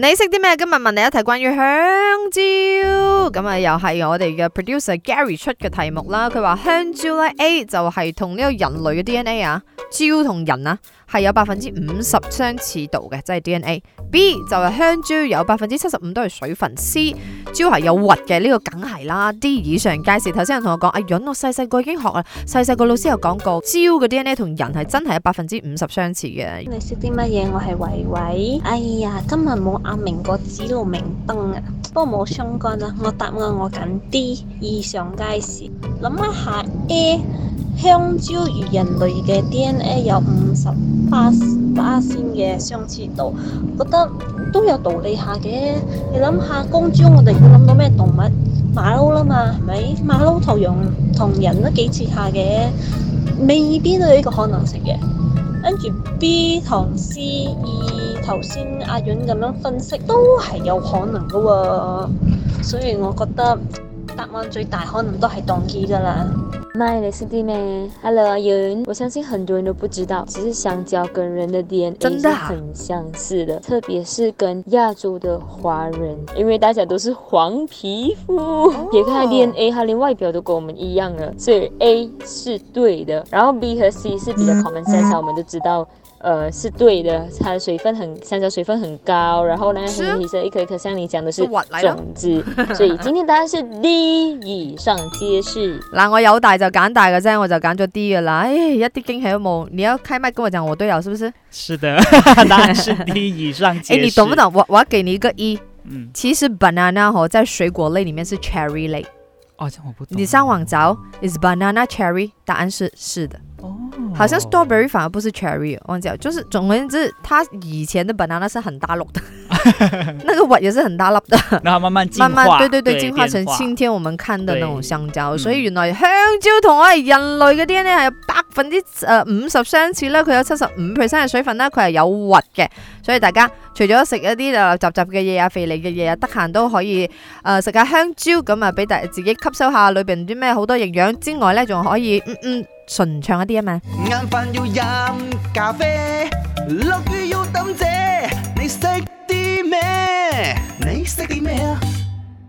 你識啲咩？今日問你一題關於香蕉，咁啊又係我哋嘅 producer Gary 出嘅題目啦。佢話香蕉咧 A 就係同呢個人類嘅 DNA 啊，蕉同人啊係有百分之五十相似度嘅，即係 DNA。B 就係香蕉有百分之七十五都係水分，C 蕉係有核嘅，呢個梗係啦。D 以上介紹頭先人同我講，阿潤我細細個已經學啦，細細個老師有講過，蕉嘅 DNA 同人係真係有百分之五十相似嘅。你識啲乜嘢？我係維維。哎呀，今日冇。阿、啊、明個指路明燈啊，不過冇相干啊。我答案我揀啲，異常街市諗一下 A，香蕉與人類嘅 DNA 有五十八巴仙嘅相似度，覺得都有道理下嘅。你諗下公蕉，我哋要諗到咩動物？馬騮啦嘛，係咪？馬騮同羊同人都幾似下嘅，未必都有呢個可能性嘅。跟住 B 同 C E。頭先阿允咁樣分析都係有可能嘅喎、哦，所以我覺得答案最大可能都係當機嘅啦。My name is d i y 咩？Hello 阿允，我相信很多人都不知道，其實香蕉跟人的 DNA 真的很相似的，的特別是跟亞洲的華人，因為大家都是黃皮膚。別、oh. 看 DNA，它連外表都跟我們一樣啊，所以 A 係對的。然後 B 和 C 是比較 common sense，-hmm. 我們都知道。呃，是對的，它的水分很，香蕉水分很高。然後呢是，黑色一顆一顆像你講的是種子，所以今天的答案是 D，以上皆是。那 我有大就揀大噶噻，我就揀咗 D 噶啦。哎，一啲驚喜都冇。你要開麥跟我講，我對了，是不是？是的，答案是 D，以上皆是。哎， 你懂不懂？我我要給你一個一、e。嗯，其實 banana 呵、哦，在水果類裏面是 cherry 類。哦，這我不懂。你上網找、oh.，is banana cherry？答案是是的。好像 strawberry 反而不是 cherry，忘記咗。就是總而言之，它以前的 banana 是很大粒的， 那個核也是很大粒的。那 慢慢慢慢，對對對，進化成今天我們看的那種香蕉。所以原來香蕉同我哋人類嘅 DNA 係有百分之誒五十相似啦。佢、呃、有七十五 percent 嘅水分啦，佢係有核嘅。所以大家除咗食一啲雜雜嘅嘢啊、肥膩嘅嘢啊，得閒都可以誒食、呃、下香蕉咁啊，俾大家自己吸收下裏邊啲咩好多營養之外呢，仲可以嗯嗯。嗯順暢一啲啊嘛！眼瞓要飲咖啡，落雨要擔遮。